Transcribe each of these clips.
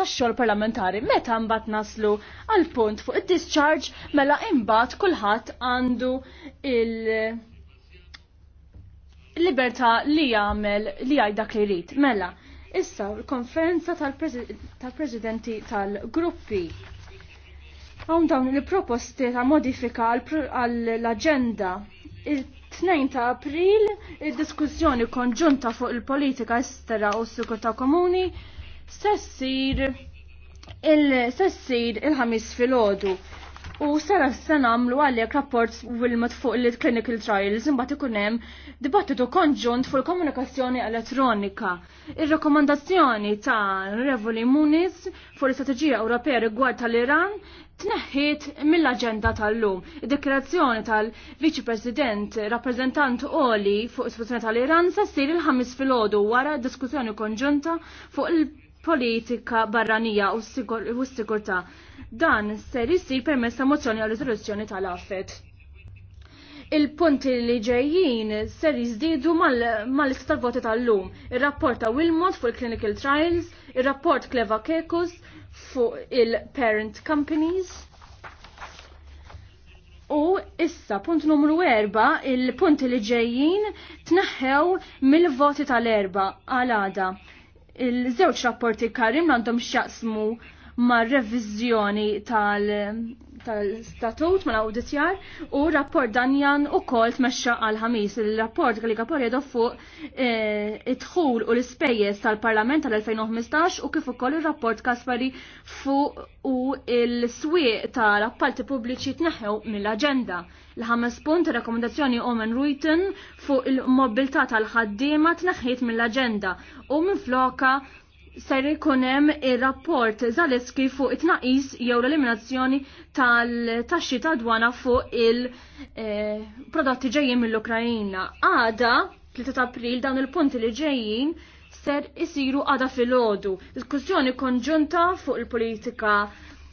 tax-xogħol parlamentari meta mbagħad naslu għal punt fuq id-discharge mela imbagħad kulħadd għandu il- libertà li jagħmel li jgħid dak li jrid. Mela, issa l-konferenza tal-presidenti tal-gruppi Hawn dawn il-proposti ta' modifika għall-agenda il-2 ta' april il-diskussjoni konġunta fuq il-politika estera u s-sikurta komuni sessir il sessir il-ħamis fil-ħodu. U sara s-sanamlu għalek rapport wil-mat fuq il-clinical trials imbat kunem, dibattitu konġunt fuq il-komunikazzjoni elettronika. Il-rekomandazzjoni ta' Revoli Muniz fuq l-Strategija Ewropea rigward tal-Iran tneħħit mill-agenda tal-lum. Id-deklarazzjoni tal-Viċi President rappresentant Oli fuq istituzzjoni tal-Iran sa' il-ħamis filgħodu wara diskussjoni konġunta fuq il- politika barranija u s-sigurta. Dan ser jisir permess ta' mozzjoni għal riżoluzzjoni tal-affet. Il-punti li ġejjin ser jizdidu mal-lista tal-voti tal-lum. Il-rapport ta' Wilmot fuq il-clinical trials, il-rapport Kleva Kekus fuq il-parent companies. U issa, punt numru erba, il-punti li ġejjin tneħħew mill-voti tal-erba għal-għada. Il-żewġ rapporti karim għandhom xjaqsmu ma' revizjoni tal-statut ma' l-auditjar u rapport danjan u kol tmexxa għal-ħamis. Il-rapport għalli kapor jedof fuq eh, id-dħul u l-ispejjeż tal-Parlament tal-2015 u kif ukoll ir-rapport Kaspari fuq u l-swieq tal-appalti pubbliċi tneħħew mill-aġenda. L-ħames punt rekomendazzjoni Omen Ruiten fuq il-mobilità tal-ħaddiema tneħħiet mill-aġenda u minn floka ser ikun hemm ir-rapport Zaleski fuq it-tnaqis jew l-eliminazzjoni tal-taxxi ta' dwana fuq il-prodotti eh, ġejjin mill-Ukrajina. Għada, 3 ta' April, dawn il-punti li ġejjin ser isiru għada fil-ħodu. Diskussjoni konġunta fuq il-politika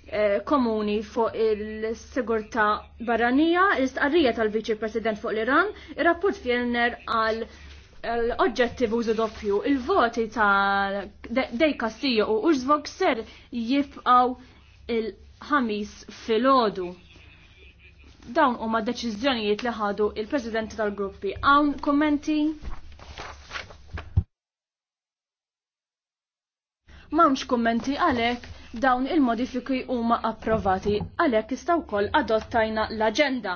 Eh, komuni fuq il-sigurta barranija, l-istqarrija tal-Viċi President fuq l-Iran, il-rapport Fjellner għal l-oġġettiv użu doppju, il-voti ta' Dej Castillo u Urzvok ser jibqaw il-ħamis fil-ħodu. Dawn huma deċiżjonijiet li ħadu il-President tal-gruppi. Hawn kommenti? mamx kummenti għalhekk dawn il-modifiki huma approvati għalhekk istaw wkoll adottajna l-aġenda.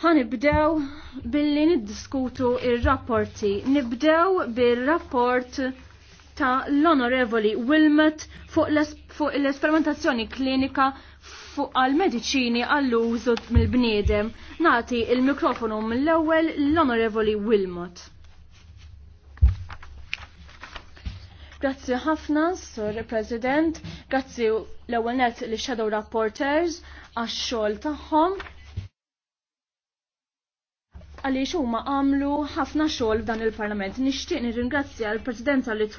Ħanibdew billi niddiskutu il rapporti Nibdew bil rapport ta' l-Onorevoli Wilmot fuq l-esperimentazzjoni klinika fuq għal-mediċini għall-użu mill-bniedem. Nati il-mikrofonu mill-ewwel l-Onorevoli Wilmot. Grazzi ħafna, Sur President, grazzi l-ewwel li Shadow Rapporters għax-xogħol tagħhom għaliex huma għamlu ħafna xogħol f'dan il-Parlament. Nixtieq nirringrazzja l-Presidenza li